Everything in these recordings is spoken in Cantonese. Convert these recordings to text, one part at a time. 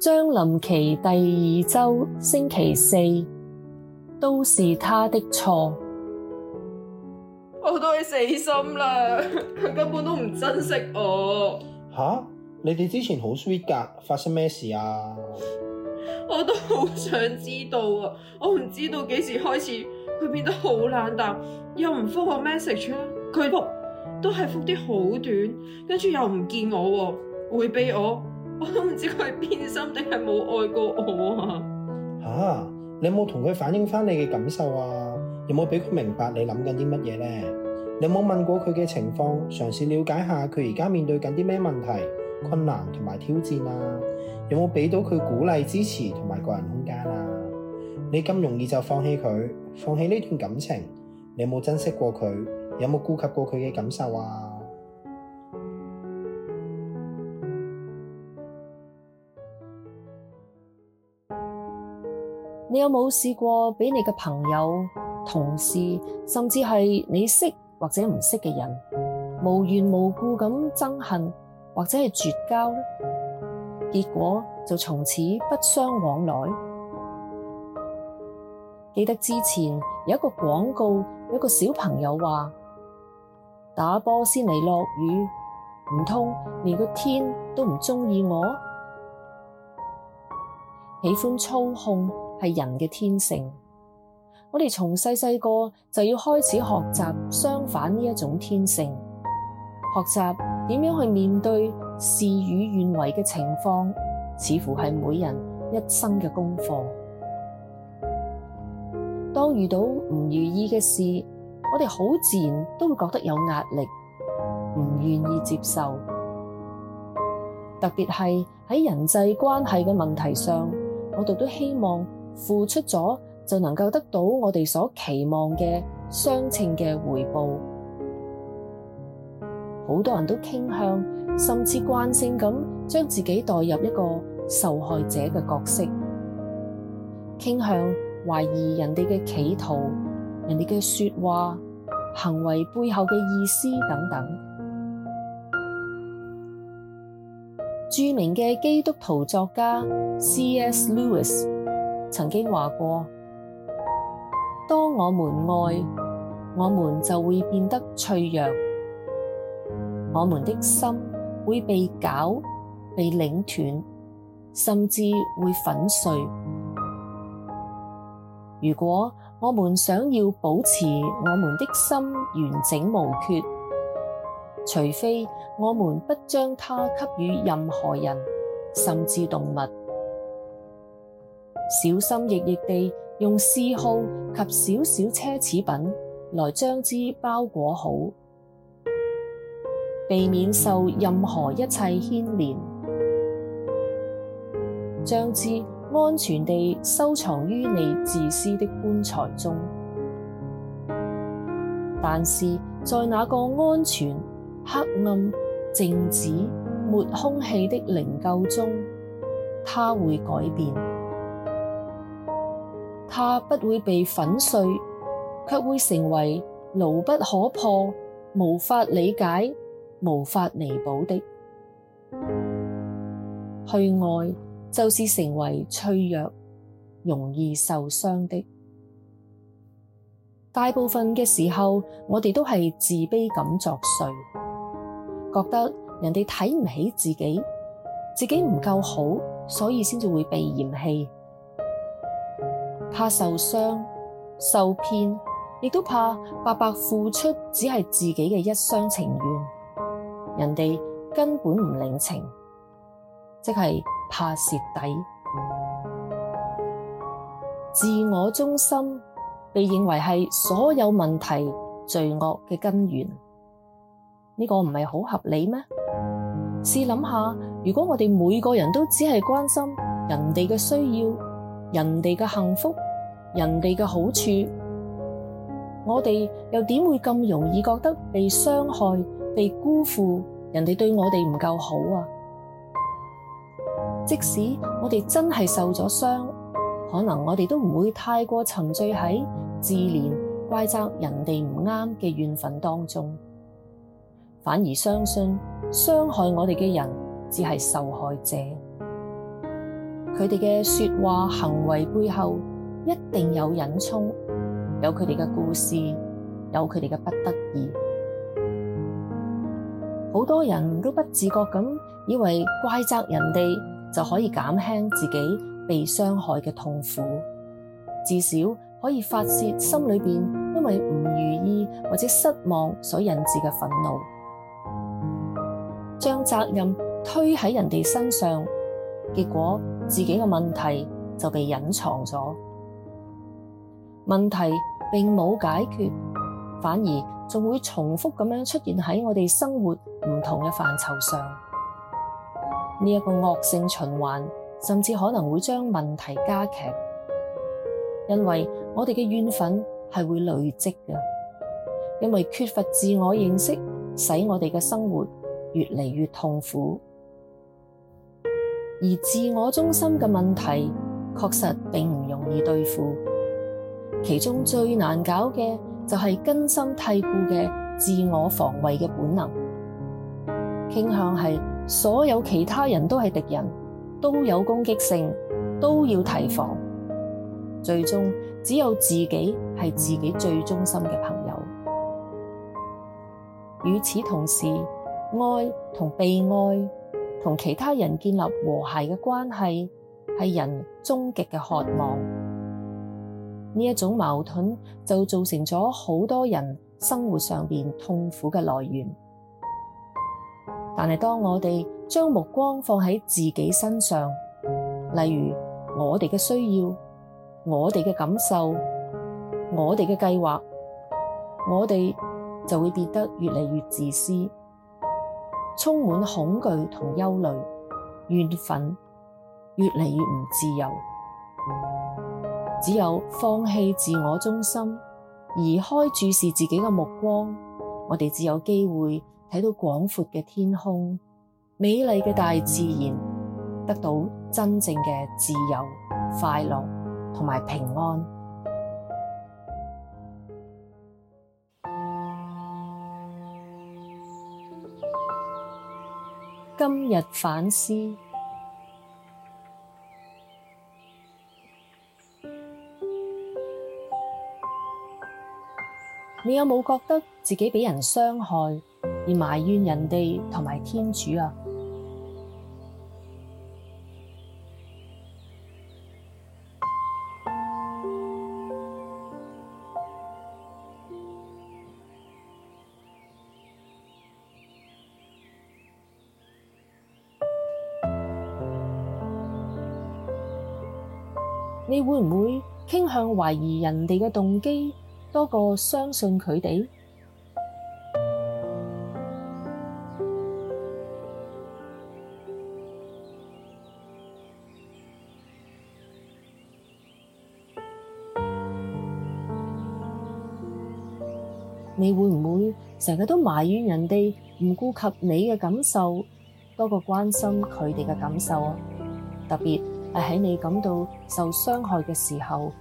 將臨期第二周星期四，都是他的錯。我都死心啦，佢根本都唔珍惜我。吓？你哋之前好 sweet 噶，發生咩事啊？我都好想知道啊，我唔知道幾時開始佢變得好冷淡，又唔覆我 message，佢都係覆啲好短，跟住又唔見我，回避我。我都唔知佢係變心定係冇愛過我啊！吓，你有冇同佢反映翻你嘅感受啊？有冇俾佢明白你諗緊啲乜嘢呢？你有冇問過佢嘅情況，嘗試了解下佢而家面對緊啲咩問題、困難同埋挑戰啊？有冇俾到佢鼓勵、支持同埋個人空間啊？你咁容易就放棄佢，放棄呢段感情，你有冇珍惜過佢？有冇顧及過佢嘅感受啊？你有冇試過畀你嘅朋友、同事，甚至係你識或者唔識嘅人，無緣無故咁憎恨或者係絕交，結果就從此不相往來？記得之前有一個廣告，有一個小朋友話：打波先嚟落雨，唔通連個天都唔鍾意我？喜歡操控係人嘅天性，我哋從細細個就要開始學習相反呢一種天性，學習點樣去面對事與願違嘅情況，似乎係每人一生嘅功課。當遇到唔如意嘅事，我哋好自然都會覺得有壓力，唔願意接受。特別係喺人際關係嘅問題上，我哋都希望。付出咗就能夠得到我哋所期望嘅相稱嘅回報。好多人都傾向甚至慣性咁將自己代入一個受害者嘅角色，傾向懷疑人哋嘅企圖、人哋嘅說話、行為背後嘅意思等等。著名嘅基督徒作家 C.S. Lewis。曾經話過，當我們愛，我們就會變得脆弱，我們的心會被絞乾、被擰斷，甚至會粉碎。如果我們想要保持我們的心完整無缺，除非我們不將它給予任何人，甚至動物。小心翼翼地用嗜好及少少奢侈品來將之包裹好，避免受任何一切牽連，將之安全地收藏於你自私的棺材中。但是在那個安全、黑暗、靜止、沒空氣的靈柩中，它會改變。它不會被粉碎，卻會成為牢不可破、無法理解、無法彌補的。去愛就是成為脆弱、容易受傷的。大部分嘅時候，我哋都係自卑感作祟，覺得人哋睇唔起自己，自己唔夠好，所以先至會被嫌棄。怕受傷、受騙，亦都怕白白付出，只係自己嘅一廂情願，人哋根本唔領情，即係怕蝕底。自我中心被認為係所有問題罪惡嘅根源，呢個唔係好合理咩？試諗下，如果我哋每個人都只係關心人哋嘅需要。人哋嘅幸福，人哋嘅好處，我哋又點會咁容易覺得被傷害、被辜負？人哋對我哋唔夠好啊！即使我哋真係受咗傷，可能我哋都唔會太過沉醉喺自憐、怪責人哋唔啱嘅怨憤當中，反而相信傷害我哋嘅人只係受害者。佢哋嘅說話行為背後一定有隱衷，有佢哋嘅故事，有佢哋嘅不得已。好多人都不自覺咁以為怪責人哋就可以減輕自己被傷害嘅痛苦，至少可以發洩心裏邊因為唔如意或者失望所引致嘅憤怒，將責任推喺人哋身上。結果自己嘅問題就被隱藏咗，問題並冇解決，反而仲會重複咁樣出現喺我哋生活唔同嘅範疇上。呢一個惡性循環，甚至可能會將問題加劇，因為我哋嘅怨憤係會累積嘅，因為缺乏自我認識，使我哋嘅生活越嚟越痛苦。而自我中心嘅問題確實並唔容易對付，其中最難搞嘅就係根深蒂固嘅自我防衛嘅本能，傾向係所有其他人都係敵人，都有攻擊性，都要提防。最終只有自己係自己最忠心嘅朋友。與此同時，愛同被愛。同其他人建立和諧嘅關係，係人終極嘅渴望。呢一種矛盾就造成咗好多人生活上邊痛苦嘅來源。但係當我哋將目光放喺自己身上，例如我哋嘅需要、我哋嘅感受、我哋嘅計劃，我哋就會變得越嚟越自私。充滿恐懼同憂慮、怨憤，越嚟越唔自由。只有放棄自我中心，移開注視自己嘅目光，我哋才有機會睇到廣闊嘅天空、美麗嘅大自然，得到真正嘅自由、快樂同埋平安。今日反思，你有冇覺得自己俾人傷害而埋怨人哋同埋天主呀？你會唔會傾向懷疑人哋嘅動機，多過相信佢哋？你會唔會成日都埋怨人哋唔顧及你嘅感受，多過關心佢哋嘅感受啊？特別，係喺你感到受傷害嘅時候。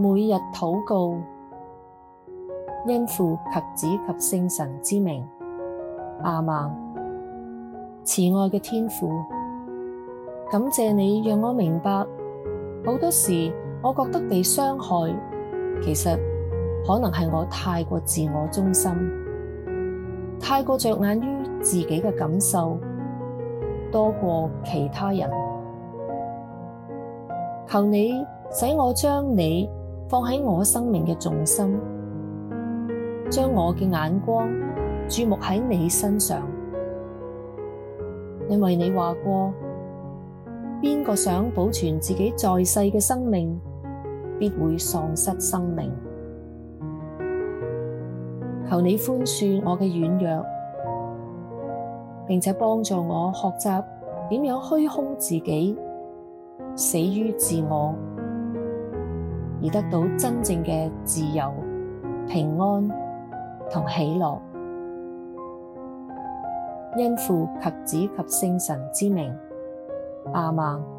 每日禱告，因父及子及聖神之名。阿們，慈愛嘅天父，感謝你讓我明白，好多時我覺得被傷害，其實可能係我太過自我中心，太過着眼於自己嘅感受多過其他人。求你使我將你。放喺我生命嘅重心，將我嘅眼光注目喺你身上，因為你話過，邊個想保存自己在世嘅生命，必會喪失生命。求你寬恕我嘅軟弱，並且幫助我學習點樣虛空自己，死於自我。而得到真正嘅自由、平安同喜樂，因父及子及聖神之名，阿門。